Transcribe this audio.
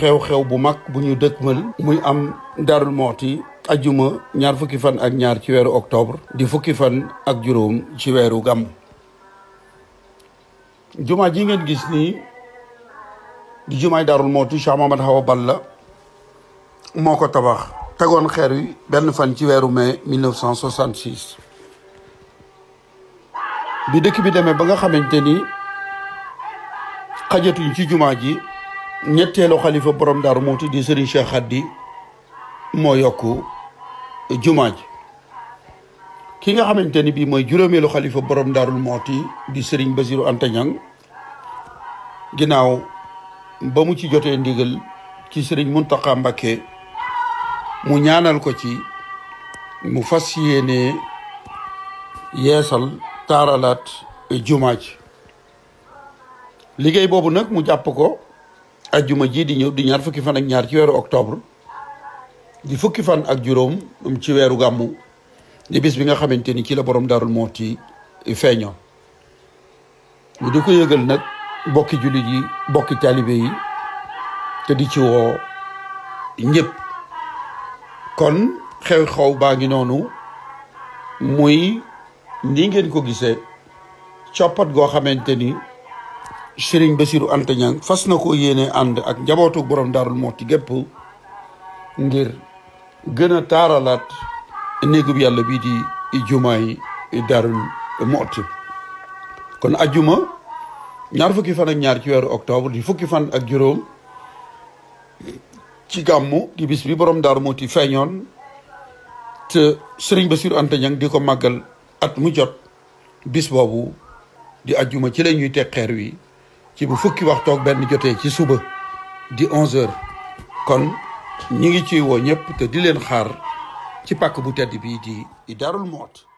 xew-xew bu mag bu ñu dëkkmal muy am Darou Mouhty ajuma ñaar fukki fan ak ñaar ci weeru octobre di fukki fan ak juróom ci weeru gàmm jumaa ji ngeen gis nii di jumaay Darou Mouhty Cheikh Mahamad Hawa Balla moo ko tabax tegoon xeer wi benn fan ci weeru mai 1966 bi dëkk bi demee ba nga xamante ni xajatuñ ci jumaa ji ñetteelu xalifa borom Daaru Muxti di Serigne Cheikh Khady moo yokk jumaa ji ki nga xamante ni bii mooy juróomeelu xalifa borom Daaru Muxti di sëriñ Bassirou Anta Niang ginnaaw ba mu ci jotee ndigal ci sëriñ Mountakha Mbacké mu ñaanal ko ci mu fas yéene yeesal taaralaat jumaa ji liggéey boobu nag mu jàpp ko ajjuma jii di ñëw di ñaar fukki fan ak ñaar ci weeru octobre di fukki fan ak juróom um, ci weeru gàmmu di bis bi nga xamante ni ci la borom moo Mouhty feeñoo ñu di ko yëgal nag bokki jullit yi bokki taalibe yi te di ci woo ñëpp kon xew-xew baa ngi noonu muy ni ngeen ko gisee coppat goo xamante ni Serigne Bassirou Anta fas na ko yéene ànd ak njabootu borom Darou Mouhty gépp ngir gën a taaralaat néegub yàlla bii di jumaay Darou Mouhty kon ajjuma ñaar fukki fan ak ñaar ci weeru octobre di fukki fan ak juróom ci gàmmu di bis bi borom Darou Mouhty feeñoon te Serigne Bassirou Anta di ko màggal at mu jot bis boobu di ajjuma ci la ñuy xeer wi ci bu fukki waxtu ak benn jotee ci suba di 11h kon ñu ngi ciy woo ñëpp te di leen xaar ci pàkk bu tedd bii di darul Mouhty